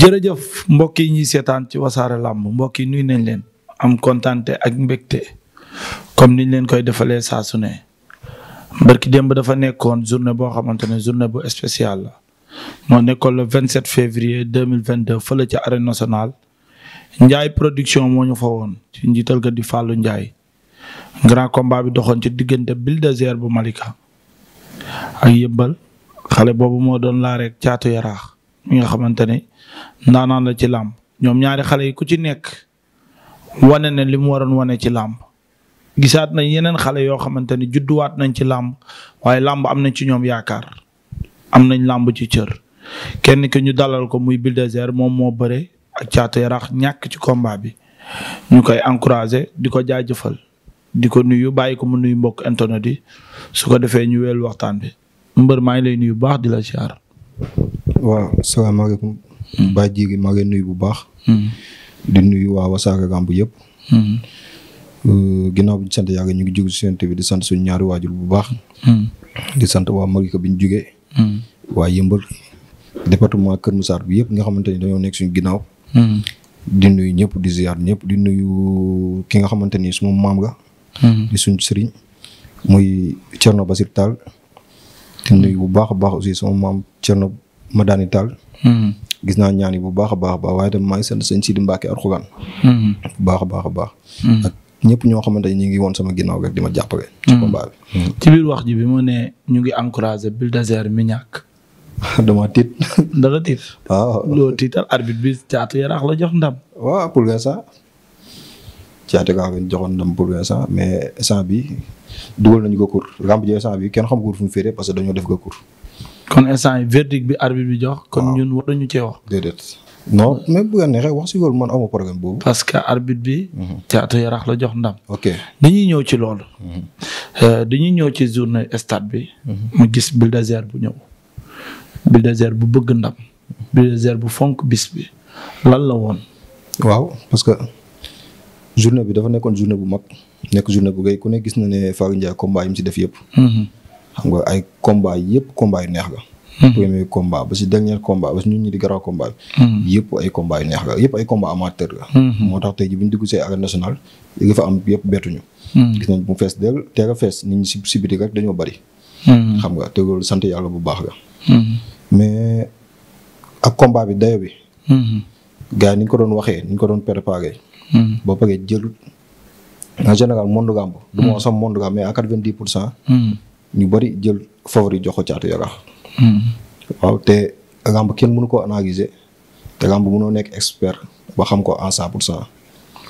jërëjëf mbokk yi ñuy seetaan ci wasaare làmb mbokk yi nuyu nañ leen am kontante ak mbégte comme niñ leen koy defalee saa su ne barki démb dafa nekkoon journée boo xamante ne journée bu spéciale la moo nekkoon le 27 février 2022 fële ci arène nationale Ndiaye production moo ñu fa woon ci njiital ga di Fallou Ndiaye grand combat bi doxoon ci diggante Bulldozer bu Malika ak yëbbal xale boobu moo doon laa rek caatu yaraax mi nga xamante ne ndaanaan la ci làmb ñoom ñaari xale yi ku ci nekk wane na li mu waroon wane ci làmb gisaat nañ yeneen xale yoo xamante ne judduwaat nañ ci làmb waaye làmb am nañ ci ñoom yaakaar am nañ làmb ci cër kenn ki ñu dalal ko muy Bulldozer moom moo bëre ak Caatu Yaraax ñàkk ci combat bi ñu koy encouragé di ko jaajëfal di ko nuyu bàyyi ko mu nuyu mbokk internet yi su ko defee ñu weel waxtaan bi mbër maa ngi lay nuyu baax di la ziar. waaw salaamaaleykum. Hmm. Ba Djiri maa ngi nuyu bu baax. Hmm. di nuyu waaw Wassare Lamb yëpp. Hmm. Uh, ginnaaw bi ñu sant yàlla ñu ngi jóg si bi di sant suñ ñaari waajur bu baax. di sant waa Malika bi ñu jógee. waa Yëmbal département Kër Moussar bi yëpp nga xamante ni dañoo nekk suñu ginnaaw. di nuyu ñëpp di ziar ñëpp di nuyu ki nga xamante ni suma maam la. di suñu sëriñ muy Thierno Basir Tall. di nuyu bu baax a baax aussi suma maam Thierno. ma daani taal. Hmm. gis naa ñaani bu baax a baax baax waaye tamit maa ngi sant sëñ Sidi Mbacke Arxuraan. Hmm. bu baax a baax a baax. Hmm. ak ñëpp ñoo xamante ni ñu ngi woon sama ginnaaw rek di ma jàppale. ci combat bi. ci biir wax ji bi mu ne ñu ngi encouragé Bulldozer mi ñàkk. dama tiit. dama tiit. waaw loo tiital arbitre bi caatu yaraax la jox ndam. waaw pour l'instant caatu yaraax la joxoon ndam pour l'instant mais instant bi dugal nañu ko court ramb ji instant bi kenn xam ko fu mu féete parce que dañoo def ko court. kon instant yi verdict bi arbitre bi jox. kon ñun waruñu cee wax. déedéet non même neexee wax si loolu man amoo problème boobu. parce que arbitre bi. Mhm. caatu yarax la jox ndam. ok dañuy ñëw ci loolu. Mhm. Euh, dañuy ñëw ci journée stade bi. Mhm. mu gis Bulldozer bu ñëw. Bulldozer bu bëgg ndam. Bulldozer bu fonk bis bi lan la woon. waaw parce que journée bi dafa nekkoon journée bu mag nekk journée bu gay ku ne gis na ne Fallou Ndiaye combat mu si def yëpp. xam nga ay combat yëpp combat yu neex la. Hmm. premier combat ba si dernier combat ba si ñu ñi di garaaw combat bi. Hmm. yëpp ay combat yu neex la yëpp ay combat amateur la. Hmm. moo tax tey jii bu ñu dugg see arène nationale li fa yëpp bettuñu. gis nañ bu fees del teel fees nit ñi si si biti rek dañoo xam nga te sant yàlla bu baax la. mais ak combat bi dayo bi. gars yi ni ko doon waxee niñ ko doon préparé. boo paree jël en général monde gamb. du ma wax sax monde gamb mais à quatre vingt dix pour cent. ñu bari jël favori jox ko caatu yaraax. Hmm. waaw te làmb kenn mënu ko anagise te làmb mënoo nekk expert ba xam ko en 100 pour cent.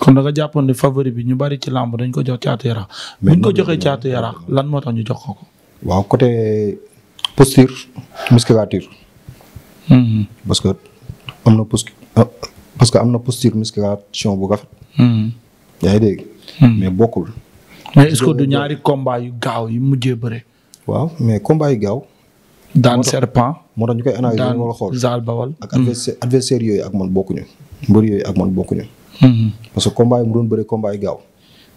kon da nga jàppoon ne favori bi ñu bari ci làmb dañ ko jox caatu yaraax. mais buñ ko joxee caatu yaraax lan moo tax ñu jox ko waaw côté posture musculature. Hmm. Ah, parce que am na posture parce que am na posture bu rafet. Hmm. yaa ngi dégg. mais bokkul. mais est-ce ñaari combat yu gaaw yi mujjee bëre. waaw mais combat yi gaaw. daan serpent moo tax ñu koy analyser daan wala xool zaal bawal. ak hmm. adversaire yooyu ak man bokkuñu. mbër yooyu ak man bokkuñu. Hmm. parce que combat yi mu doon bëre combat yi gaaw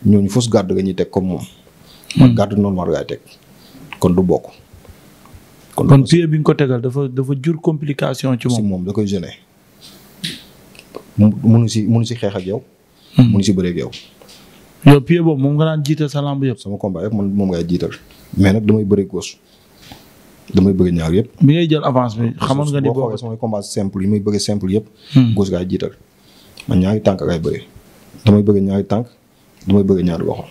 ñooñu fausse garde nga ñuy teg comme moom. Hmm. man garde normal gaay teg kon du bokk. kon kon pied bi nga ko tegal dafa dafa jur complication ci moom. da koy gêner. munu si munu si xeex ak yow. munu si bëree ak yow. yow pied boobu moom nga daan jiital sa lamb yëpp. sama combat yëpp man moom ngay jiital. mais nag damay bëri gauche damay bëgg ñaar yëpp. bi ngay jël avance bi xamoon nga ni boo xoolee samay combat simple yi may bëgg simple yëpp. Hmm. gauche gaay jiital man ñaari tànk lay bëri damay bëgg ñaari tànk damay bëgg ñaari loxo.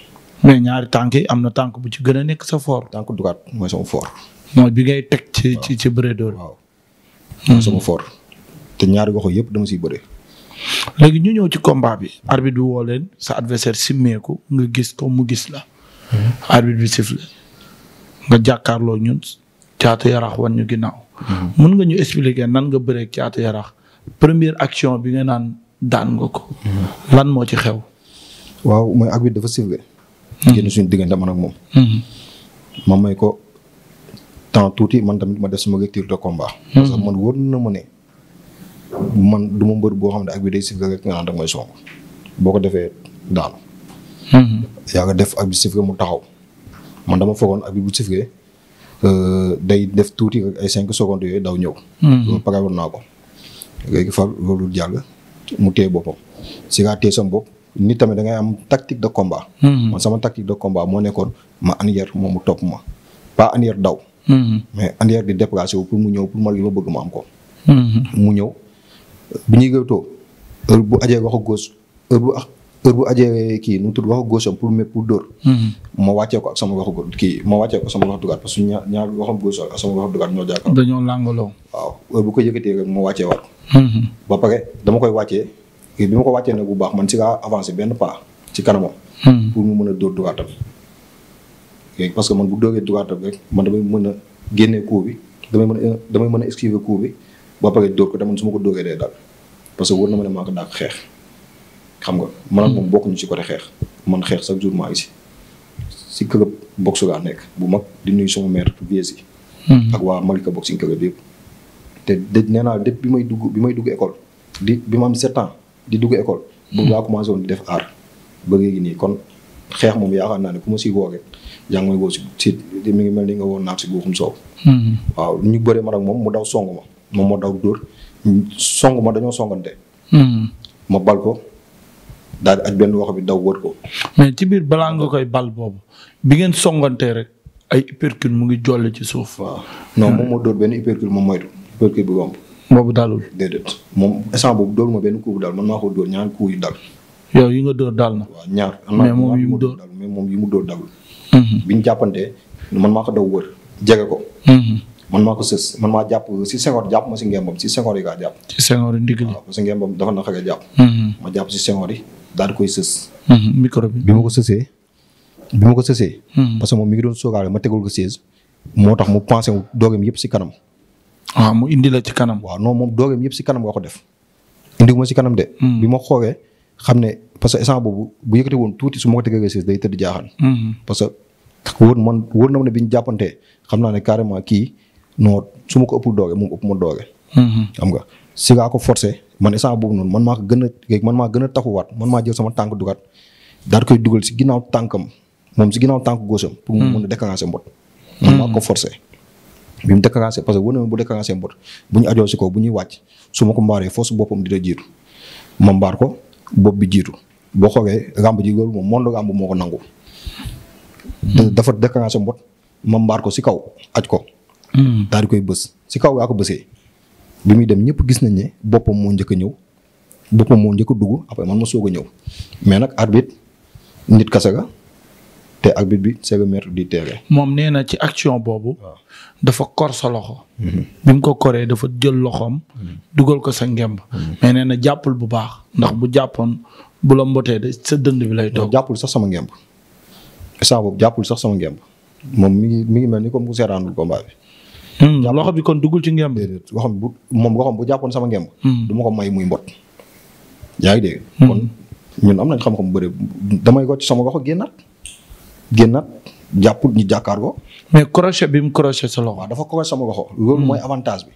mais ñaari tànk yi am na tànk bu ci gën a nekk sa fort. tànk dugaat mooy sama fort. mooy bi ngay teg ci ci ci bëre doole. waaw hmm. mooy sama fort te ñaari loxo yëpp dama si bëre. léegi ñu ñëw ci combat bi. arbitre bi woo sa adversaire simmeeku nga gis ko mu gis la. Hmm. arbitre bi siffle nga jàkkaarloo ñun caatu yarax wan ñu ginnaaw. mën mm-hmm. nga ñu expliquer nan nga bëree caatu yarax première action bi nga naan daan nga ko. Mm-hmm. lan moo ci xew. waaw mooy ak bi dafa sifflé. Mm-hmm. génn diggante man ak moom. ma may ko temps man tamit de combat. parce que man wóor na ma ne man du ma mbër boo xam ne ak bi day sifflé rek nga naan rek mooy song boo ko defee daanu. yaa nga def ak bi sifflé mu taxaw. man dama foogoon ak bi bu sifflé euh, day def tuuti rek ay cinq secondes yooyu daw ñëw. Hmm. loolu pagaroon naa ko. léegi far loolu jàll mu téye boppam si laa téye sama bopp nit tamit da am tactique de combat. Hmm. man sama tactique de combat moo nekkoon ma anière moom mu topp ma pas anière daw. Hmm. mais anière di déplacé wu pour mu ñëw pour ma li ma bëgg ma am ko. mu ñëw bu ñuy gëwtoo bu ajee wax a gauche heure bu heure bu ajee kii nu mu tudd waxu gauche pour me pour dóor. Mm-hmm. ma wàccee ko ak sama waxu góor kii ma wàccee ko sama waxu dugaat parce que ñaar ñaar waxam gauche ak sama waxu dugaat ma mm-hmm. koy wàccee bi ma ko wàccee nag bu baax man si laa avancé benn pas ci kanamam. Mm-hmm. pour mu mën a dóor dugaatam. parce que man bu dóoree dugaatam rek man damay mën a génnee coup bi damay mën a damay mën a esquiver coup bi ba pare dóor ko te man su ma ko dóoree day daal parce que wóor na ma ne maa ko dàq xeex xam nga man ak moom hmm. bokkuñu ci côté xeex man xeex chaque jour maa ngi si si club boxe laa nekk bu mag di nuyu sama maire vies yi hmm. ak waa Malika boxing club yëpp te de nee naa depuis bi may dugg bi may dugg école di bi ma am sept di dugg école boobu hmm. laa commencé woon di def aar ba léegi nii kon xeex moom yaakaar naa ne ku ma si woo rek yaa ngi may woo si si mi ngi mel ni nga woo naat si guuxum soow waaw ñu bëree man ak moom mu daw song ma moom moo daw dóor song ma dañoo songante ma daal ak benn wax bi daw wër ko. mais ci biir balaa nga koy bal boobu bi ngeen songantee rek ay uppercut mu ngi jolle ci suuf. waaw non moom moo dóor benn uppercut moom moytu uppercut bu romb. boobu dalul déedéet moom instant boobu dóor ma benn man maa ko dóor ñaar coup yu dal. yow yi nga dóor dal na. waaw ñaar mais moom mm-hmm. bi ñu jàppante man maa ko daw wër jege ko. Mm-hmm. man maa ko sës man maa jàpp si sengoor jàpp ma si ngembam si sengoor yi jàpp. Mm-hmm. ma jàpp si sengoor daal di koy sës. Mhm, micro bi bi ma ko sësee. bi ma ko sësee. Mhm. parce moom mi ngi doon soogaale ma tegul ko sées. moo tax mu pensé doogeem yëpp si kanam. waaw ah, mu indi la ci kanam. waaw non moom doogeem yëpp si kanam nga ko def. indi ma si kanam de. Mhm. bi ma xoolee xam ne parce que instant boobu bu yëkkati woon tuuti su ma ko tegee sées day tëdd jaaxal. parce que wóor man wóor na ma bi ñu xam naa ne carrément kii non su ma ko ëpp dooge moom ëpp ma dooge. xam nga si man instant boobu noonu man maa ko gën a man maa gën a taxuwaat man maa jël sama tànk dugaat daal koy dugal si ginnaaw tànkam moom si ginnaaw tànk góosam. pour mu mën hmm. a déclencher mbot. man ko hmm. forcer. bi mu déclencher parce que wóor na bu déclencher mbot bu ñu ajoo si kaw bu ñuy wàcc su ma ko mbaaree force boppam dina jiitu ma mbaar ko bopp bi jiitu boo xoolee ràmb ji loolu moom monde ràmb moo ko nangu. Hmm. dafa déclencher mbot ma mbaar ko si kaw aj ko. daal koy bës si kaw yaa ko bësee. bi muy dem ñëpp gis nañ ne boppam moo njëkk a ñëw boppam moo njëkk a dugg après man ma soog a ñëw mais nag arbitre nit kase ga te arbitre bi c'est le di du moom nee na ci action boobu. dafa kor sa loxo. Mhm. bi mu ko koree dafa jël loxoom. Mhm. dugal ko sa ngemb. Mhm. mais nee na jàppul bu baax ndax bu jàppoon bu la mbotee de sa dënd bi lay toog. jàppul sax sama ngemb saa boobu sax sama moom mu ngi mu ngi mel ni comme ku seeraanul combat bi. waaw loo xam kon duggul ci ngemb. déedéet waxam bu moom waxam bu jàppoon sama ngemb. Hmm. du ko may muy mbot. yaa ngi dégg. Hmm. kon ñun am nañ xam-xam bu bëri damay ko ci sama gox génnaat génnaat jàppul ñu jàkkaar ko. mais crochet bi mu crochet sa loxo. waaw dafa crochet sama gox. loolu hmm. mooy avantage bi.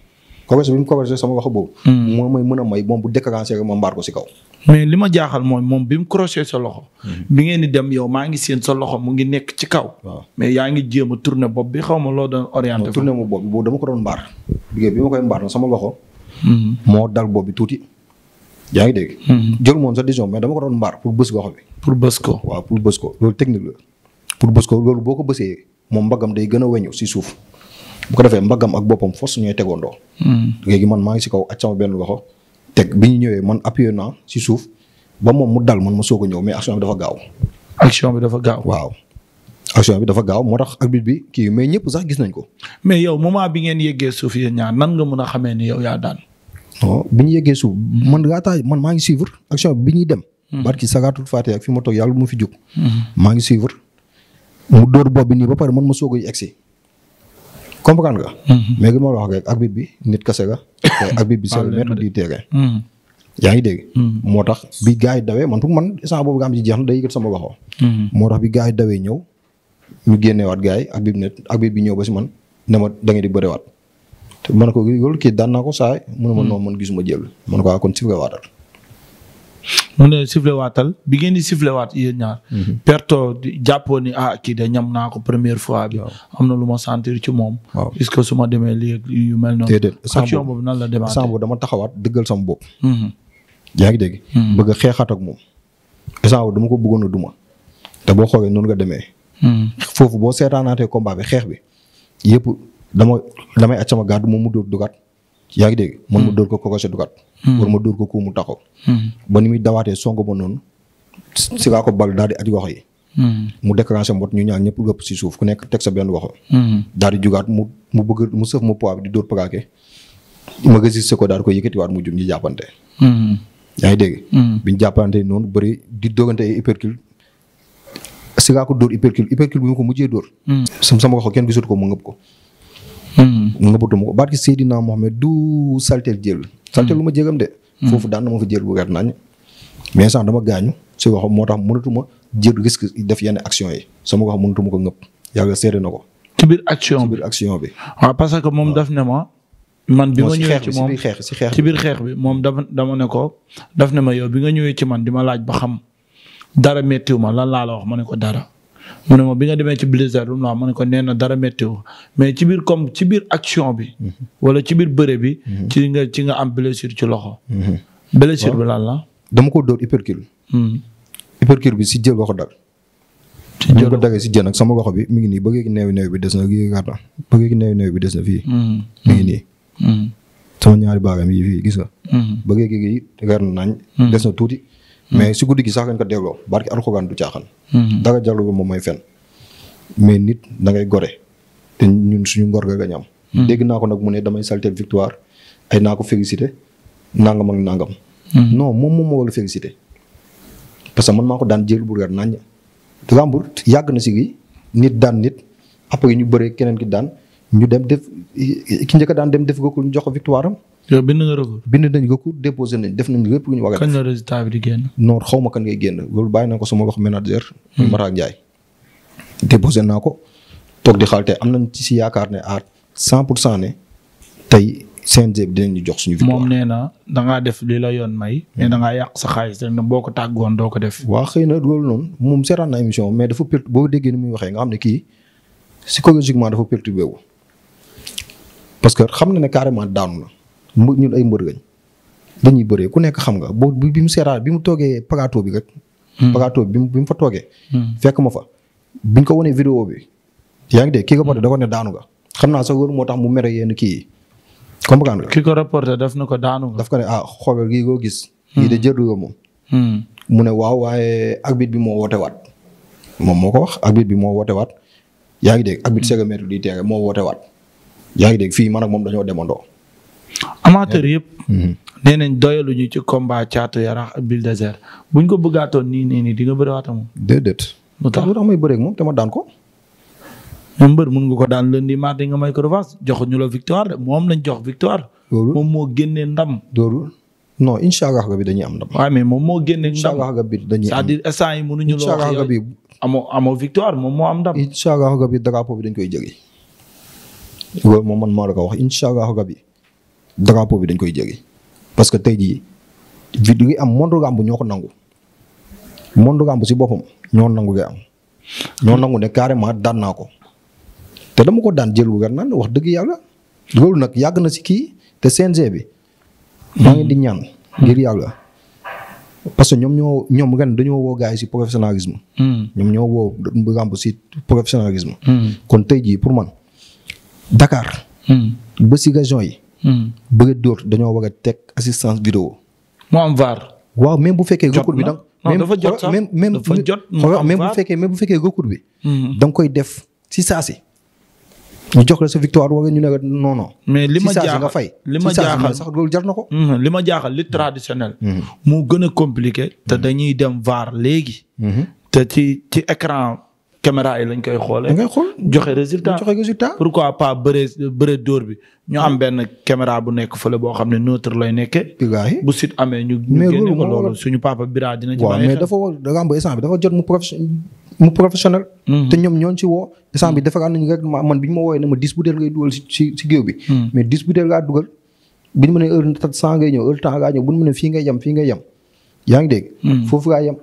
commerce bi mu commerce sama wax boobu. Hmm. moom mooy mën a may moom bu déclenché rek moom mbaar ko si kaw. mais li ma jaaxal mooy moom bi mu crochet sa loxo. Hmm. bi ngeen di dem yow maa ngi seen sa loxo mu ngi nekk ci kaw. mais yaa ngi jéem a tourner bopp bi xaw ma loo doon orienté. tourner mu bopp boobu dama ko doon mbaar. bi ma koy mbaar na sama loxo. Hmm. moo dal bopp bi tuuti. yaa ngi dégg. jël moom sa décision mais dama ko doon mbaar pour bës loxo bi. pour bës ko waaw pour bës ko loolu technique la. pour bës ko loolu boo ko bësee moom mbaggam day gën a weñu si suuf bu ko defee mbaggam ak boppam force ñooy tegoondoo. léegi man maa ngi si kaw ak sama benn loxo. teg bi ñu ñëwee man appuyé naa si suuf ba moom mu dal man ma soog a ñëw mais action dafa gaaw. action bi dafa gaaw waaw. action bi dafa gaaw moo tax arbitre bi kii mais ñëpp sax gis nañ ko. mais yow moment bi ngeen yéggee suuf yéen nan nga mën a xamee ni yow yaa daan. bi ñu yéggee suuf hmm. man laataa man maa ngi suivre action bi ñuy dem. Hmm. barki sagaatul faatee ak fi ma yàlla mu fi jóg. Hmm. maa ngi suivre mu dóor bopp bi nii ba pare man ma soog a egsi comprendre nga. mais mm-hmm. li ma la wax rek arbitre bi nit kese la. te arbitre bi c'est le maître du terrain. Mm-hmm. yaa ngi dégg. Mm-hmm. moo tax bi gars yi dawee man pour man instant boobu nga am ci jeex na day yëgal sama loxo. moo tax bi gars yi dawee ñëw ñu génneewaat gars yi arbitre bi ne arbitre bi ñëw ba si man ne ma da ngeen di bëriwaat. te man ko loolu kii daan naa ko saay mënuma noonu man gisuma jël man ko ah, kon si nga waatal. mu ne sifflé waatal bi ngeen di sifflé waat yéen ñaar. Mhm. perto jàppoo ni ah kii de ñam naa ko première fois bi. am na lu ma sentir ci moom. waaw est-ce que su ma demee lii yu mel noonu. déedéet action boobu nan la demaatee sàmm dama taxawaat dëggal sama bopp. Mhm. yaa ngi dégg. Mhm. dama ko bëggoon a duma. te boo xoolee noonu nga demee. foofu boo seetaanaatee combat bi xeex bi yëpp dama damay àcc sama gàddu moom mu dóor dugaat yaa ngi dégg. man ma hmm. dóor ko kokose dugat. war hmm. ma dóor ko ku mu taxaw. Hmm. ba ni muy dawaatee song ba noonu si kaa ko bal daal di ati wax yi. mu déclenché mbot ñu ñaar ñëpp gëpp si suuf ku nekk teg sa benn waxo. daal di jugaat mu bëgg mu sëf mu poids di dóor pagaake. ma gëstu ko daal di ko yëkkatiwaat mu jum ñu jàppante. yaa ngi dégg. bi ñu jàppante noonu bëri di dogante ay hypercule. si kaa ko dóor hypercule hypercule bi mu ko mujjee dóor. sama sama Mm. nga bëtuma ko barki Seydina Mohamed du saltel jël saltel mm. lu ma jégam de mm. foofu daana moo ma fa jël bu weer mais sax dama gaañu si waxam moo tax mënatuma jël risque def yenn action yi sama wax mënatuma ko ngëpp yàlla seede na ko ci biir action ci action bi waaw parce que moom daf ne ma man bi ma ñëwee ci moom ci biir xeex bi moom dama dama ne ko daf ne ma yow bi nga ñëwee ci man di ma laaj ba xam dara méttiwu ma lan laa la wax ma ne ko dara mu ne ma bi nga demee ci Blizzard lu mu la ma ne ko nee dara météo mais ci biir comme ci biir action bi. Mhm. wala ci biir bëre bi. Mhm. ci nga ci nga am blessure ci loxo. Mhm. blessure bi lan la. dama ko dóor hypercule. Hmm. hypercule bi si jël loxo dal. ci jël ko dagee si jën ak sama loxo bi mi ngi nii bëggee gi neewi bi des na fii gàtt bëggee gi neewi neewi bi des na fii. mi ngi nii. Hmm. Hmm. sama ñaari baagam yi fii gis nga. bëggee gi gàtt nañ. des na tuuti. mais su guddi ki sax nga ko dégloo barki alxuraan du caaxaan. Mhm. dara jarul moom mooy fen mais nit da ngay gore te ñun suñu ngor ga gañ am. Mhm. dégg naa ko nag mu ne damay saltel victoire ay naa ko félicité nangam ak nangam. Mhm. non moom moom moo war a parce que man maa ko daan jël bu reer naññ. Rambour yàgg na si gi nit daan nit après ñu bëree keneen ki daan. ñu dem def ki njëkk daan dem def ko ko jox ko victoire am. yow bind nga recours. bind nañ recours déposé nañ def nañ lépp lu ñu war a def. kañ la résultat bi di génn. non xaw ma kan ngay génn loolu bàyyi naa ko sama wax manager. Hmm. Mara Ndiaye. déposé ko toog di xaar tey am nañ ci si yaakaar ne à cent pour cent ne tey CNG bi dinañ ñu jox suñu. nee na da ngaa def li la yoon may. mais hmm. da ngaa yàq sa xaalis boo ko tàggoon doo ko def. waa na loolu noonu moom seetaan na émission mais dafa perte boo déggee ni muy waxee nga xam ne kii psychologiquement dafa perturbé wu parce que xam na ne carrément daanu na mu ñun ay mbër lañ dañuy bëree ku nekk xam nga boo bi mu seeraat bi mu toogee pagato bi rek. Hmm. pagato bi bi mu fa toogee. Hmm. fekk ma fa biñ ko wanee vidéo bi. yaa ngi dégg kii ko porté hmm. da ne daanu nga xam naa sax loolu moo tax mu mere yenn kii yi comprendre ki ko reporté na ko daanu daf ko ne ah xoolal koo gis. lii de jëru moom. mu ne waaw waaye arbitre bi moo woote waat moom moo ko wax arbitre bi moo woote waat yaa ngi dégg arbitre sega mètre di teere moo woote waat. yaa ngi dégg fii man moom dañoo demandoo. amateur yëpp. Mhm. nee nañ ñu ci combat caatu yarax ak Bulldozer buñ ko bëggaatoon nii nii nii di nga bëriwaat moom. déedéet. lu tax lu may bëreeg moom te ma daan ko. ñoom mbër mun nga ko daan lundi mardi nga may ko jox joxuñu la victoire de moom lañ jox victoire. loolu moom moo génne ndam. loolu non incha allah bi dañuy am ndam. waaw moom moo génnee. incha allah bi dañuy am cest yi mënuñu. loo wax yow incha allah bi amoo victoire moom moo am ndam. incha allah bi drapeau bi dañ koy jëlee. loolu moom man maa la ko wax incha allah rabi drapeau bi dañ koy jëri parce que tey jii vide gi am monde làmb ñoo ko nangu monde bu si boppam ñoo nangu gi am ñoo nangu ne carrément daan naa ko te dama ko daan jël wu gar naan wax dëgg yàlla loolu nag yàgg na si kii te CNG bi. maa ngi di hmm. ñaan ngir yàlla. parce que ñoom ñoo ñoom ren dañoo woo gars si professionnalisme. Hmm. Hmm. kon tey jii pour man. Dakar. Hmm. ba Ziguinchor yi. Hmm. bëgg a dóor dañoo war a teg assistance vidéo. mu am VAR. waaw même bu fekkee recours bi da dafa jot sax même même même bu fekkee même bu fekkee recours bi. Hmm. da nga koy def si saasi. ñu jox la sa victoire wala ñu ne la mais li ma jaaxal nga fay li ma jaaxal sax loolu jar na ko. li ma jaaxal li traditionnel. moo gën a compliqué. te dañuy dem VAR léegi. te ci ci écran caméra yi lañ koy xool joxe résultat joxe résultat. pourquoi pas bëre bëre bi ñu am benn caméra bu nekk fële lay nekkee. bu sit amee ñu. génne ko loolu suñu papa Bira dina ci xel. da man bi ñu ma wooyee ne ma dix ngay dugal ci géew bi. Hmm. mais dix butéel dugal. bi ñu mënee heure cent ngay ñëw heure temps ngaa ñëw bu ñu mënee fii ngay yem fii ngay yem yaa ngi dégg. Hmm. foofu ngaa yem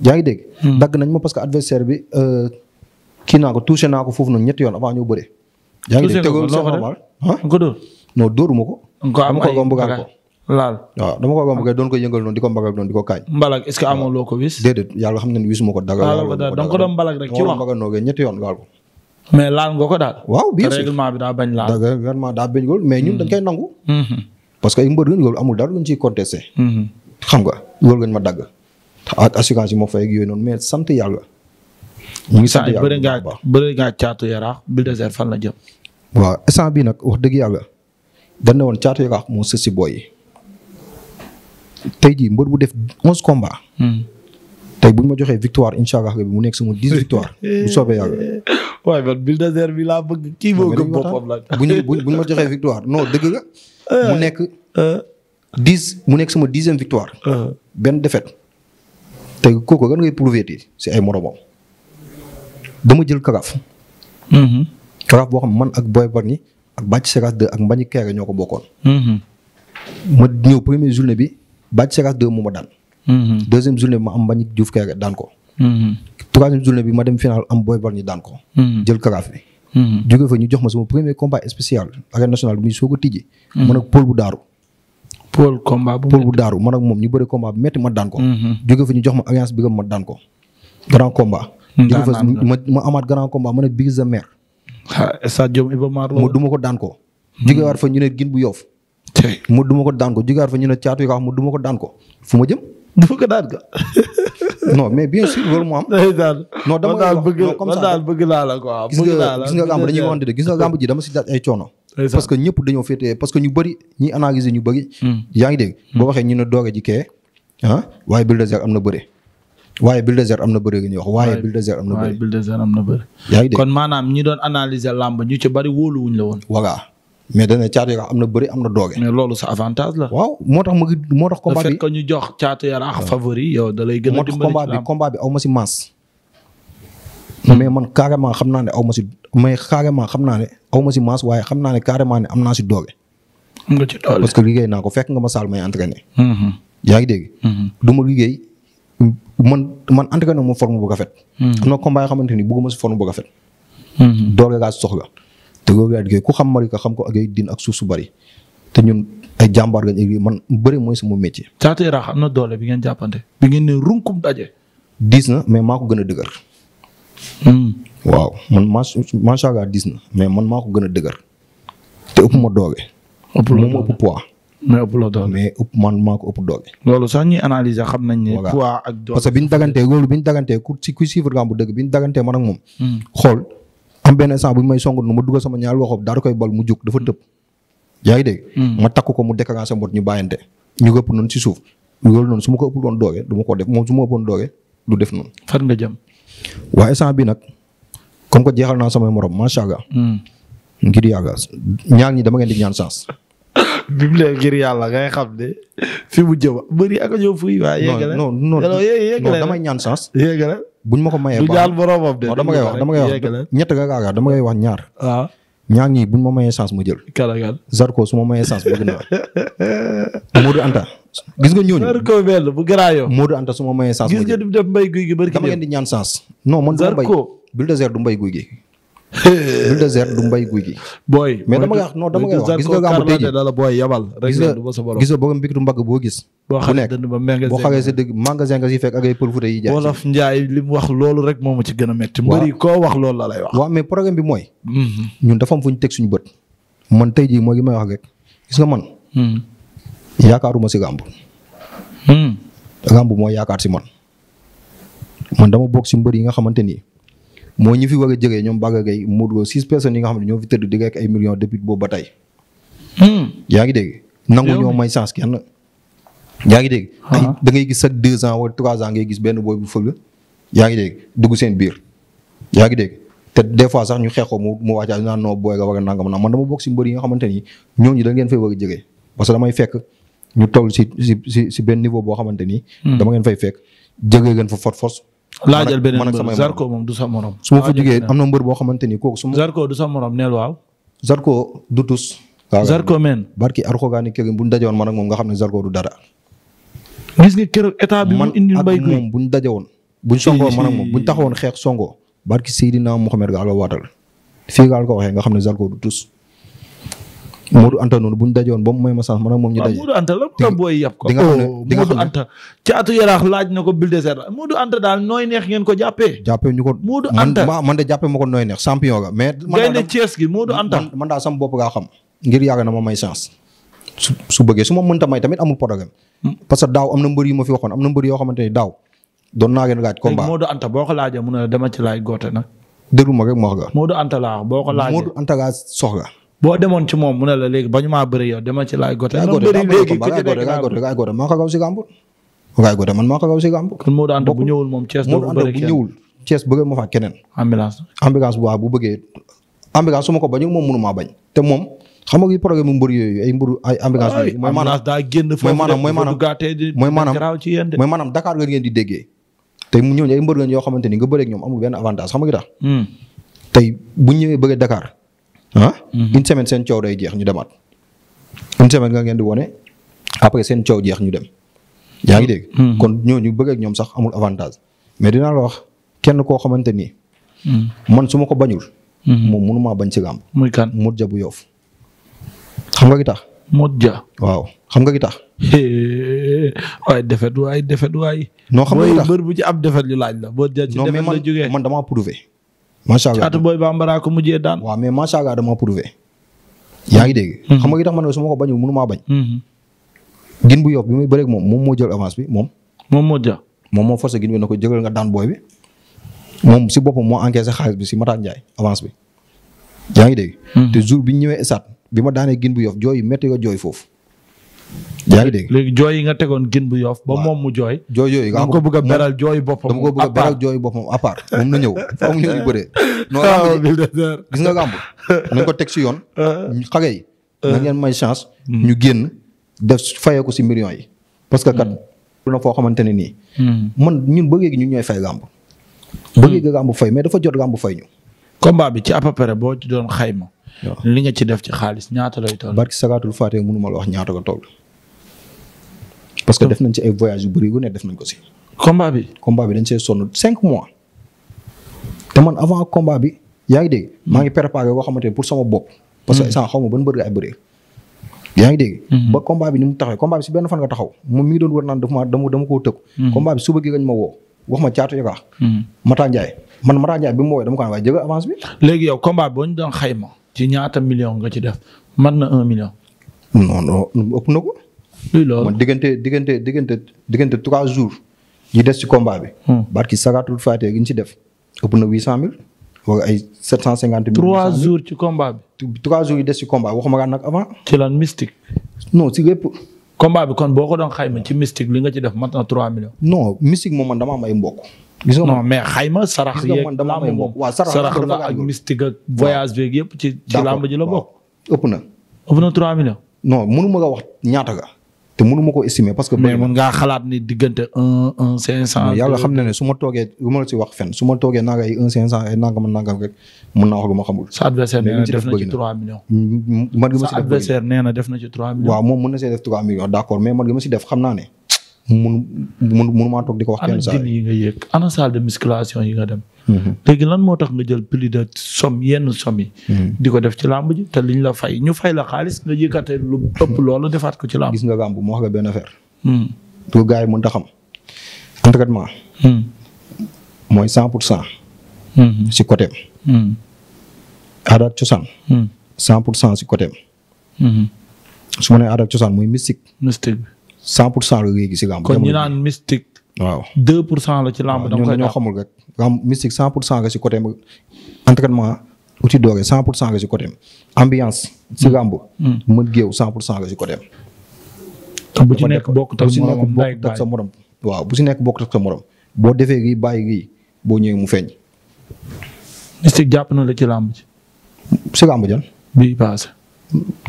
yaa ngi dégg. Hmm. dagg nañ ma parce que adversaire bi euh, kii naa ko touché naa ko foofu noonu ñetti yoon avant ñoo bëre. yaa ngi dégg tegul c'est normal ah ko dóor. non dóoruma ko. dama ko gomb gaal ko xam nga ko daal. waaw bien daa bañ laal. mais ñun dañ hmm. nangu. Hmm. parce que ay mbër lañ loolu amul daal luñ ciy contesté. xam nga loolu lañ ma dagg ak assurance yi ma fay yooyu noonu mais sant yàlla. mu ngi sant yàlla bëri ngaa bëri ngaa caatu yaraax Bulldozer fan la jëm. waa instant bii nag wax dëgg yàlla dañ ne woon caatu yaraax moo sës booy tey jii mbër bu def onze combats. Hmm. tey bu ma joxee victoire incha allah mu nekk sama dix victoire bu waaye man Bulldozer bi laa bëgg kii boo gëm boppam joxee victoire non dëgg la. Eh. mu nekk eh. dix mu nekk sama dixième victoire. Eh. benn défaite. te kooku kan ngay prouver si ay moromam dama jël karaaf. Mm-hmm. karaaf boo xam man ak Boy Bargny ak Bathie Seras 2 ak Mbagnick Kairé ñoo ko bokkoon. Mm-hmm. ma ñëw première journée bi Bathie Seras 2 moo ma daan. Mm-hmm. deuxième journée bi ma am Mbagnick Diouf Kairé daan ko. troisième journée bi ma dem final am Boy Bargny daan ko. jël karaaf bi. jóge fa ñu jox ma sama premier combat spécial arène nationale bi muy soog a man ak Paul bu daaru. Paul combat bu Paul bu daaru man ak moom ñu bëri combat bu métti ma daan ko. Mhm. jóge fa ñu jox ma alliance bi ma daan ko. grand combat. jóge fa ma ma amaat grand combat ma ne Big Za Mer. ah stade Iba Mar Diop. ma duma ko daan ko. jógewaat fa ñu ne gin bu yoof tey ma duma ko daan ko jógewaat fa ñu ne caatu yi ko wax ma duma ko daan am. non dama daal bëgg daal bëgg naa ay coono. parce que ñëpp dañoo féetee parce que ñu bëri ñi analyser ñu bëri. Hmm. yaa ngi dégg. boo waxee ñu ne doog a ji ah, waaye Bulldozer am na bëre. waaye Bulldozer am na bëre waaye. Bulldozer am na bëre waaye Bulldozer am na bëre. yaa ngi kon maanaam ñi doon analyser làmb ñu ci bëri wóoluwuñ la woon. voilà mais dana caatu yaraax am na bëri am na dooge. mais loolu sa avantage la. moo tax mu moo tax. combat jox caatu yaraax favori yow da lay gën a dimbali combat bi combat bi aw si masse Hmm. mais man carrément xam naa ne aw ma si mais carrément xam naa ne aw ma waaye xam naa ne carrément ne am naa si doole. am nga ci parce que liggéey naa ko fekk nga ma saal may entraîné. Hmm. yaa ngi dégg. Hmm. du ma liggéey man man entraîné ma forme bu rafet. am na combat xamante ni bëgguma si forme bu rafet. doole laa soxla. te loolu laa liggéey ku xam ma ko xam ko ak din ak suuf su bari te ñun ay jàmbaar lañ ay man bëri mooy sama métier. Caatu Yaraax am na doole bi ngeen jàppante. bi ngeen ne runkum daje. diis na mais maa ko gën a dëgër. Hmm. waaw man macha allah diis na mais man maa ko gën a dëgër te ëpp ma doole. ëpp la doole ëpp poids. mais ëpp la ko ëpp loolu sax ñuy xam nañ ne. poids ak doole parce bi ñu dagantee bi ñu dagantee ku ci ku suivre bi ñu dagantee ak moom. Hmm. xool benn instant bu may songoon nu ma dugg sama ñaari loxo daal koy bal mu dafa tëb. yaa ngi dégg. Hmm. ma ko mu déclenché mbot ñu bàyyante ñu ëpp noonu ci suuf loolu noonu su ma ko ëpp doon doole du ma ko def moom su ma ëppoon doole du def noonu. waaye instant bi nag comme que jeexal naa samay morom macha allah. Hmm. ngir yàlla ñaan ñi dama ngeen di ñaan chance. bi ngir yàlla ngay xam ne fi mu jëm bëri ak a ñëw fuy waa yeegale non non non damay ñaan chance. yeegale buñ ma ko mayee baax du ñaan boromam de. dama koy wax dama koy wax ñett nga gaaga dama koy wax ñaar. waaw ah. ñaar ñii buñ ma mayee chance ma jël. kala kala Zarko su ma mayee chance bëgg naa Modou Anta. gis nga ñooñu. Zarko mel bu garaayo. Modou Anta su ma mayee sens. gis nga du def mbay guy gi bari dama ngeen di ñaan sens. non man dama bay bulldozer du mbay du mbay guy gi. booy mais dama wax non dama nga gàmmu la booy yabal. gis nga gis nga mbagg boo gis. boo xamee dënd ba magasin boo xamee sa nga si fekk ak ay pël fute yi jaay. wolof wax loolu rek moo ma ci gën a métti. waaw koo wax loolu la lay wax. waaw mais programme bi mooy. Mhm. ñun dafa am fu ñu teg suñu bët. man tey jii mooy li may wax rek gis nga man mhm. yaakaaruma si gàmbu. Hmm. gàmbu moo yaakaar si man. man dama bokk si mbër yi nga xamante ni moo ñu fi war a ñoom Balla Gaye Modou Lo six personnes yi nga xam ne ñoo fi tëdd di rek ay millions depuis boobu ba tey. Hmm. yaa ngi dégg. nangu ñoo may chance kenn. yaa ngi dégg. Uh-huh. da ngay gis chaque deux ans wala trois ans ngay gis benn booy bu fëgg. yaa ngi dégg dugg seen biir. yaa ngi dégg te des fois sax ñu xeexoo mu mu wàccaat naan noo booy nga war a nangam naa man dama bokk si mbër yi nga xamante ni ñooñu da ngeen fay war a jëgee parce que damay fekk. ñu toll si si si benn niveau boo xamante ni. Hmm. dama ngeen fay fekk jege ngeen fa force force. laajal beneen mbër Zarko moom du sa morom. su ma fa jugee am na mbër boo xamante ni kooku su ma. Zarko du sa morom neel waaw. Zarko du tus. Zarko men barki Arxogaani Kégé bu ñu dajewoon man ak moom nga xam ne Zarko du dara. gis nga keroog état bi mu indil mbay man ak moom bu ñu woon bu ñu songoo man ak moom bu ñu taxawoon xeex songoo. barki Seydina Mohamed gaal ko waatal fii gaal ko waxee nga xam ne Zarko du tus Modou Anta noonu bu ñu dajoon ba mu may ma sax man ak moom ñu daje. Modou Anta la tam booy yab ko. di nga xam ne oh, di nga xam ne Modou Anta. caatu yaraax laaj na ko bulldozer Modou Anta daal nooy neex ngeen ko jàppee. jàppee ñu ko Modou Anta man man de jàppee ma ko nooy neex champion ga mais. man de Thiès gi Modou Anta. man daa sama bopp gaa xam. ngir yàgg na ma may chance. su su bëggee su ma mënta may tamit amul problème. Hmm. parce que daaw am na mbër yu ma fi waxoon am na mbër yoo xamante ni daaw. doon naa ngeen laaj combat Modou Anta boo ko laajee mu ne dama ci laaj goote nag. déglu ma rek ma wax ga. Modou Anta laa boo ko laajee Modou Anta laa soxla boo demoon ci moom mu ne la léegi ba ñu maa bëri yow ci laay gote. laay gote gaw si gàmbur. laay gote man maa ko gaw si gàmbur. kon Modou Anta bu moom Thiès doo ko ma ko bañu moom mënu maa bañ te moom xam nga programme mbër yooyu ay mbëru ay ambulance yooyu mooy maanaam daa génn foofu mooy maanaam mooy maanaam Dakar nga ngeen di déggee tey mu ñëw ay mbër lañ yoo xamante ni nga bëreeg ñoom amul benn avantage xam nga tax hmm. bu ñëwee bëggee Dakar ah. Mhm. une semaine seen coow day jeex ñu demaat une semaine nga ngeen di wone après seen coow jeex ñu dem. yaa ngi dégg. Mhm. kon ñooñu bëgg ak ñoom sax amul avantage mais dina la wax kenn koo xamante ni. Mhm. man su ma ko bañul. moom mënumaa bañ ci gàmb. muy kan Modou Dia bu Yoff xam nga ki tax. Modou Dia. waaw xam nga ki tax. waaye defet waay defet waay. noo xam nga ki tax bu ci ab defet laaj la Modou Dia ci defet man man damaa prouvé. macha allah caatu booy bambara ko mujjee daan. waaw mais macha allah dama prouvé. yaa ngi dégg. Mhm. xam nga li tax ma ne su ma ko bañu mënu maa bañ. Mhm. gin bu yof bi muy bëreeg moom moom moo jël bi moom. moom moo jël. moom moo forcé gin bi na ko jëgal nga daan booy bi. moom si boppam moo encaissé xaalis bi si Matar Ndiaye avance bi. yaa ngi dégg. Mhm. te jour bi ñëwee stade bi ma daanee gin bu yof jooy metti nga jooy foofu. yaa ngi dégg léegi jooy yi nga tegoon génn bu yoof ba moom mu jooy jooy yooyu nga ko bëgg a beral jooy boppam dama ko bëgg beral jooy boppam à part moom na ñëw faaw mu ñëw ñu bëree non ah, gis nga gàmb nañ ko teg si yoon xale yi ah. na ngeen may chance hmm. ñu génn def fayee ko si millions yi parce que kat hmm. na foo xamante ne nii hmm. man ñun ba léegi ñu ñooy fay gàmb ba léegi gàmb fay mais dafa jot gàmb fay ñu combat bi ci à peu près boo ci doon xayma li nga ci def ci xaalis ñaata lay toll. barki sakaatul faatee mënu ma la wax ñaata ko parce que def nañ ci ay voyage yu bëri yu ne def nañ ko si. combat bi combat bi dañ see sonn cinq mois. te man avant combat bi yaa ngi dégg maa ngi préparé boo xamante ne pour sama bopp. parce que instant mm. ma ban mbër yaa ngi dégg. Mm-hmm. ba combat bi ni mu taxawee combat benn fan nga taxaw moom mi ngi doon war naan daf ma dama dama koo tëkk. Mm-hmm. combat bi suba gi lañ wax ma caatu yaka. Mm-hmm. Mata Ndiaye man Mata Ndiaye bi mu woowee dama ko wax waaye jëga avance bi. léegi yow combat boo ñu doon xayma. ci ñaata million nga ci def mën na un million. no non ëpp na ko. luy diggante diggante diggante diggante trois jours. yi des ci combat bi. Hmm. barki sagatul faatee gi ñu ci def. na huit cent mille. wala ay sept cent cinquante trois jours ci combat bi. trois jours yi des ci combat waxuma kaan nag avant. ci lan mystique. non si lépp. combat bi kon boo ko doon xayma ci mystique li nga ci def mat na trois millions. non mystique moom man dama am ay mbokk. gis nga non mais xayma sarax yeeg lamb moom sarax la ak mystique ak voyage beeg yëpp ci ci lamb ji la bokk. ëpp na. ëpp na 3 millions. non mënu ma wax ñaata ga. te mënu ma ko estimer parce que. mais mën ngaa xalaat ni diggante un un cinq xam na su ma toogee lu ma la wax fenn ma toogee naa ay un cinq cent ay nangam nangam rek mën naa na def na ma si def def na na ma si def xam naa ne mun mun munumaa toog di ko wax. yenn saa yi nga yéeg ana salle de musculation yi nga dem. Mhm. léegi lan moo tax nga jël plus de somme yenn somme yi. Mhm. di ko def ci làmb ji te liñ la fay ñu fay la xaalis nga yëkkate lu ëpp loolu defaat ko ci làmb. gis nga gàmb mu wax nga benn affaire. pour hmm. gars yi mënut a xam. entraînement. Hmm. mooy hmm. cent pour cent. si côté am. aada cent pour cent si côté am. su ma nee aada ak cosaan mooy mystique. cent pour cent la ngay gis si làmb. kon ñu naan mystique. waaw deux pour cent la ci làmb. da nga koy ñoo xamul rek làmb mystique cent pour cent nga si côté ambiance si mm. làmb. Mm. mën géew cent pour cent nga si côté bu ci nekk bokkut ak sa morom waaw bu si nekk bokkut ak sa morom boo defee lii bàyyi lii boo ñëwee mu feeñ. mystique jàpp na la ci làmb ji. si làmb jan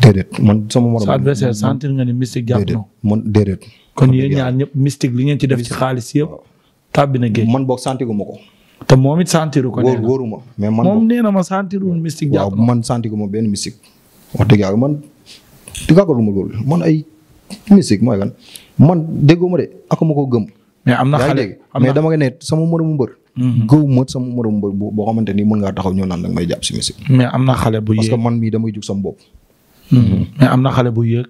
déedéet man sama morom. sa adversaire sentir nga ni mystique jàpp na. man déedéet. kon yéen ñaar ñëpp mystique li ngeen ci def ci xaalis yëpp. tàbbi na géej man boog sentiru ma ko. te moom it sentiru ko. wóor wóoru mais man moom nee na ma sentirul mystique. jàpp na waaw man sentiru ma benn mystique. wax dëgg yàlla man dëggagaluma loolu man ay mystique mooy lan man déggoo ma de ak ko gëm. mais am na xale mais dama ne sama moromu mbër. Mhm. gëw ma sama moromu mbër boo xamante ni mën ngaa taxaw ñëw naan danga may jàpp si mystique. mais am na xale bu yee parce que man mii damay jug sama bopp. Mm-hmm. mais am na xale bu yëg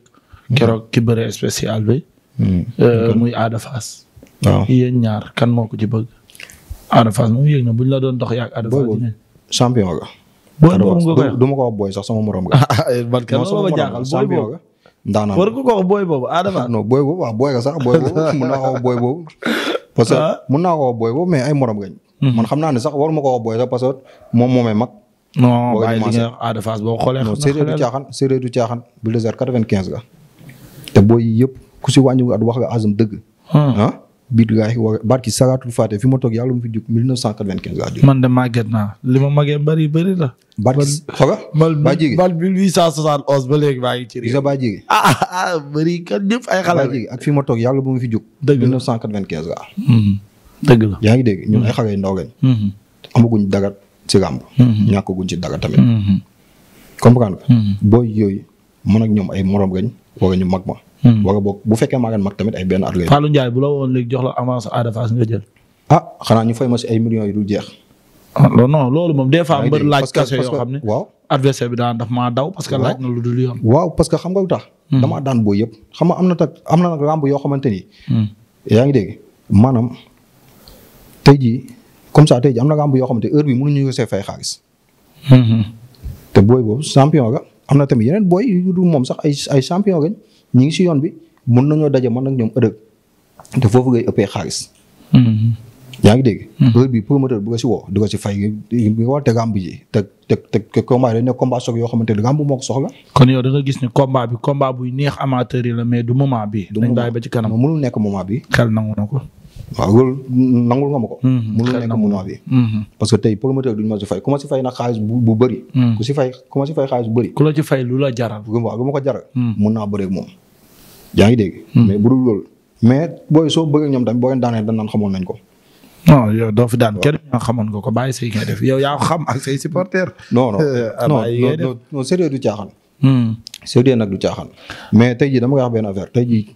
keroog mm-hmm. ki bëre spécial bi. Mm-hmm. Euh, muy Ada Fass. waaw yéen ñaar kan moo ko ci bëgg. Ada Fass moom yéeg la doon dox yaag Ada Fass dinañ. champion nga. booy boobu du ma ko booy sax sama morom nga. Ah, eh, man kenn loolu ma jaaxal booy boobu ndaanaan war boobu Ada boobu sax booy boobu mun naa ko booy boobu. parce que ah. mun naa ko wax ay morom ga man xam naa sax waruma ko booy sax parce moom moomay mag. non bàyyi li nga Ada Fass boo xoolee. non séeréer du caaxaan séeréer du caaxaan Bulldozer 95 ga. te booy yëpp ku si wàññiwul wax nga asam dëgg. biir gars yi wax barki Saraatul Faate fi ma toog yàlla mu fi jóg 1995 laa jóg. man de ma màggee bari bari la. barki xaga baa jege ba léegi maa ngi ci réew. baa jege. ah ah, ah baa jege ak fi ma toog yàlla mu fi jóg. dëgg la 1995 laa. Hmm. dëgg la yaa ngi dégg ñun ay xale yu ndaw lañ. Hmm. amaguñ ci làmb mm-hmm. ñàkkaguñ ci dara tamit mm-hmm. comprendre nga mm-hmm. booy yooyu mën ak ñoom ay morom gañ wala ñu mag ma wala boog bu fekkee maa mag tamit ay benn at lañ la woon léegi jox ah ay millions yu dul jeex ah, non non loolu moom des fois mbër laaj kase yoo xam ne waaw adversaire bi daan daf maa daw parce que laaj na lu dul yoon waaw parce que xam nga lu tax damaa daan booy yëpp xam nga am na tak am na nag làmb yoo xamante ni yaa ngi dégg maanaam tey jii comme ça tey ji am na gàmb yoo xamante heure bi mënuñu ko see fay xaalis. Mm-hmm. te booy boobu champion ga am na tamit yeneen booy yu dul moom sax ay ay champion ga ñu ngi si yoon bi mën ñoo daje man nag ñoom ëllëg te foofu ngay ëppee xaalis. Mm-hmm. yaa ngi dégg. Mm-hmm. heure bi promoteur bu ko si woo di ko si fay bi war te gàmb ji te te te combat ne combat soog yoo xamante ne gàmb soxla. kon yow da gis ne combat bi combat buy neex amateur la mais du moment bi du bàyyi ba ci kanam mënul nekk moment bi xel nangu na ko. waaw loolu nangul nga ma ko. Mm-hmm. mënul nekk munoo bi. Mm-hmm. parce que tey promoteur duñu ma si fay ku si fay nag xaalis bu bu bëri. Mm. ku si fay ku ma si fay xaalis bu bëri. ku la ci fay lu la jaral. waaw lu ma ko jaral. Mm. mun naa bëreeg moom. yaa ngi dégg. Mm. mais bu dul loolu. mais booy soo bëggee ñoom tamit boo leen daanee dañ naan xamoon nañ ko. non yow doo fi daan kenn ñoo xamoon nga ko bàyyi say ngay def yow yaa xam ak say supporters. non non ah, non non non sérieux du caaxaan. sérieux nag du caaxaan. mais tey jii dama koy wax benn affaire tey jii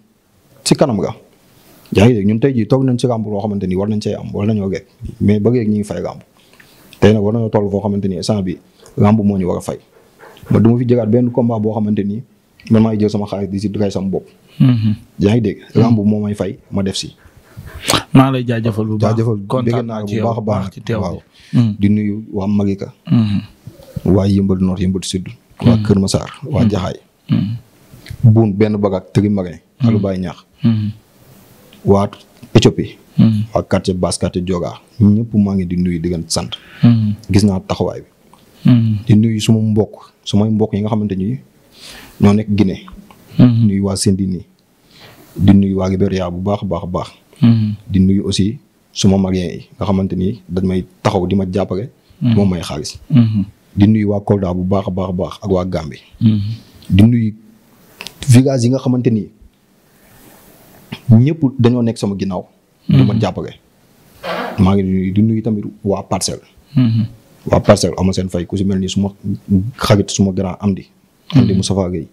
ci kanam nga. yaa ngi dégg ñun tey jii toog nañ ci gàmb loo xamante ni war nañ cee am wala nañoo geg mais ba géeg ñi ngi fay gàmb tey nag war nañoo toll foo xamante ni instant bi gàmb moo ñu war a fay ma du ma fi jëgaat benn combat boo xamante ni man maay jël sama xaalis di si dugay sama bopp yaa ngi dégg gàmb moo may fay ma def si maa lay jaajëfal bu baax jaajëfal bëgg naa bu baax a baax waaw di nuyu waa Malika waa Yëmbal Nord Yëmbal Sud waa Kër Massar waa Jaxaay buun benn te tëri marin alu bàyyi ñaax waa Éthiopie. waa hmm. quartier Basse quartier Dioga ñëpp maa ngi di nuyu di sant. Hmm. gis naa taxawaay bi. Hmm. di nuyu suma mbokk sumay mbokk yi nga xamante ni ñoo nekk Guinée. nuyu waa Sendini di nuyu waa Libéria bu baax a baax a baax. di nuyu aussi suma mag yi nga xamante ni dañ taxaw di ma jàppale. moom may xaalis. di nuyu waa Kolda bu baax a baax a baax ak waa Gambie. di nuyu village yi nga xamante ni. ñëpp dañoo nekk sama ginnaaw. du ma mhm. jàppale. maa ngi di nuyu tamit waa parcelle. Mhm. waa parcelle am seen fay ku si mel ni suma xarit suma grand am di. Mhm. am di Moustapha Gueye.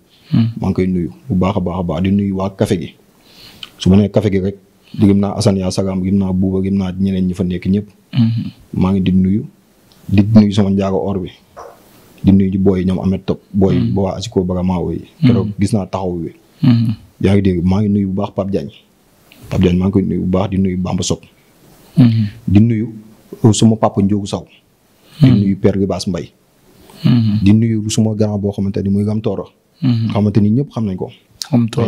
maa ngi koy nuyu bu baax a baax a baax di nuyu waa kafe gi su ma nee café gi rek. di gëm naa Assane yaa Sagam gëm naa Bouba gëm naa ñeneen ñi fa nekk ñëpp. maa ngi di nuyu di nuyu sama njaago or bi di nuyu booy ñoom Ameth Top. booy yi ba waa Asiko Barama yi. keroog gis naa taxaw bi Mm-hmm. yaa ngi dégg maa ngi nuyu bu baax Pape Diagne Pape Diagne maa ngi koy nuyu bu baax di nuyu Bamba Sock. Mm-hmm. di nuyu oh, suma papa Ndiogu Saw. di mm-hmm. nuyu Père Libaas Mbay di nuyu suma grand boo xamante ni muy Gam Tooro. xamante ni ñëpp xam nañ ko. Gam Tooro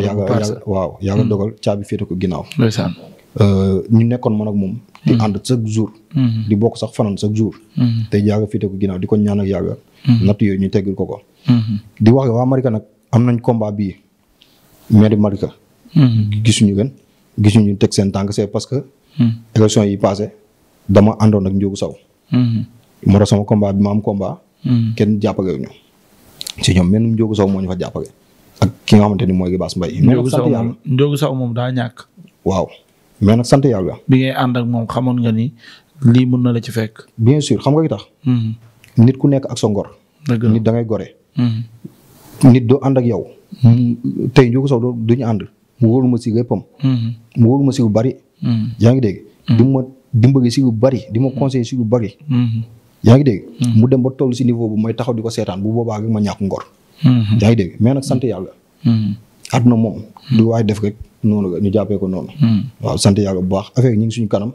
waaw yàlla dogal caabi féete ko ginnaaw. ndeysaan. Euh, ñu nekkoon ma ak moom. di ànd chaque jour. di bokk sax fanaan chaque jour. te yàlla féete ko ginnaaw di ko ñaan ak yàlla. natt yooyu ñu teggil ko ko. di wax waa Marika nag am nañ combat bii. mairie Malika. Hmm. gisuñu gën gisuñu teg seen tànk c'est parce que. Hmm. élection yi passé dama àndoon ak Ndiogou Sow. moo hmm. tax sama combat kenn jàppale ñu. si ñoom même Ndiogou Sow moo ñu fa ak ki nga xamante ni mooy Libaas Mbaye. mais nag sant yàlla Ndiogou Sow moom daa ñàkk. waaw mais nag sant yàlla. bi ngay ànd ak moom xamoon nga ni lii mën na la ci fekk. bien sûr xam nga li tax. nit ku nekk ak sa ngor. nit da ngay gore. nit doo ànd ak yow. tey Ndiogou Sow du ñu ànd mu wóolu ma si léppam. Mm-hmm. mu wóolu ma si lu bari. Mm-hmm. yaa ngi dégg. Mm-hmm. di ma dimbali si lu bari di ma conseiller si lu bari. yaa ngi dégg. mu dem ba toll si niveau bu may taxaw di ko seetaan bu boobaa rek ma ñàkk ngor. yaa ngi dégg mais nag sant yàlla. àdduna moom. du waaye def rek noonu la ñu jàppee ko noonu. waaw sant yàlla bu baax affaire ñu ngi suñu kanam.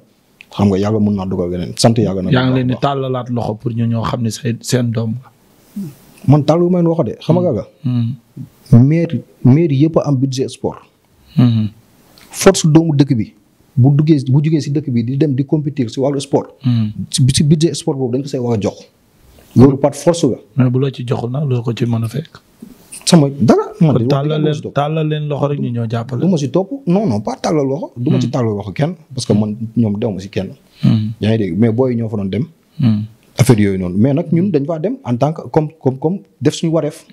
xam nga yàlla mën naa dugal leneen sant yàlla na. yaa ngi leen di loxo pour ñu ñoo xam ne say seen doom. man tàllu may waxo de xam maire maire yëpp am budget sport. Mhm. force doomu dëkk bi bu duggee bu jugee si dëkk bi di dem di compétir si wàllu sport. si mhm. budget sport boobu dañ ko say war jox. loolu par force la. mais bu la ci joxul nag loo ko ci man a fekk. sama dara. kon tàllal leen tàllal leen loxo rek ñu ñoo jàppale. ma si topp non non pas tàllal loxo. du ma si mhm. kenn parce que man ñoom dew si kenn. yaa mais booy ñoo fa doon dem. affaire yooyu noonu mais nag ñun dañ faa dem en tant que comme comme comme def suñu wareef.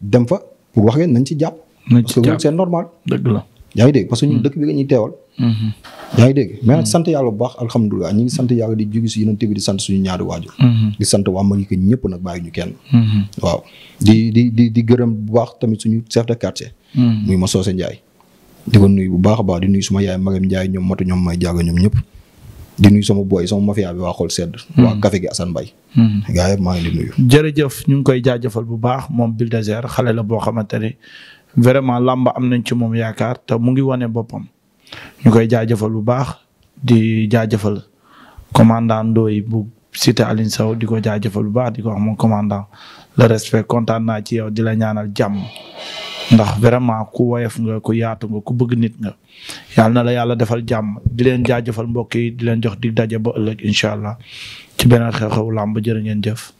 dem fa. pour wax ngeen nañ ci jàpp. parce que c'est normal. dëgg la yaa ngi dégg parce que ñun hmm. dëkk bi nga ñuy teewal. Hmm. yaa ngi dégg nag hmm. sant yàlla bu baax alhamdulilah ñu ngi sant yàlla di jugi si yeneen bi di sant suñu ñaari waajur di sant waa Malika ñëpp nag bàyyi ñu kenn waaw di di di gërëm bu baax tamit suñu chef de quartier muy ma soose Njaay di ko nuyu bu baax a baax di nuyu suma yaay Magam Njaay ñoom matu ñoom may jaaga ñoom ñëpp di nuyu sama boy sama mafia bi waa xol sedd. Hmm. waa café gi Assane Mbaye. Hmm. gaa yëpp maa ngi di jërëjëf ñu ngi koy jaajëfal bu baax moom Bulldozer xale la boo xamante ni vraiment làmba am nañ ci moom yaakaar te mu ngi wane boppam ñu koy jaajëfal bu baax di jaajëfal commandant Ndoye bu cité alin Sow di ko jaajëfal bu baax di ko wax moom commandant le respect kontaan naa ci yow di la ñaanal jàmm. ndax vraiment ku woyof nga ku yaatu nga ku bëgg nit nga yal na la yàlla defal jàmm di leen jaajëfal mbokk yi di leen jox dig daje ba ëllëg incha allah ci beneen xew-xewu làmb jërë ngeen jëf.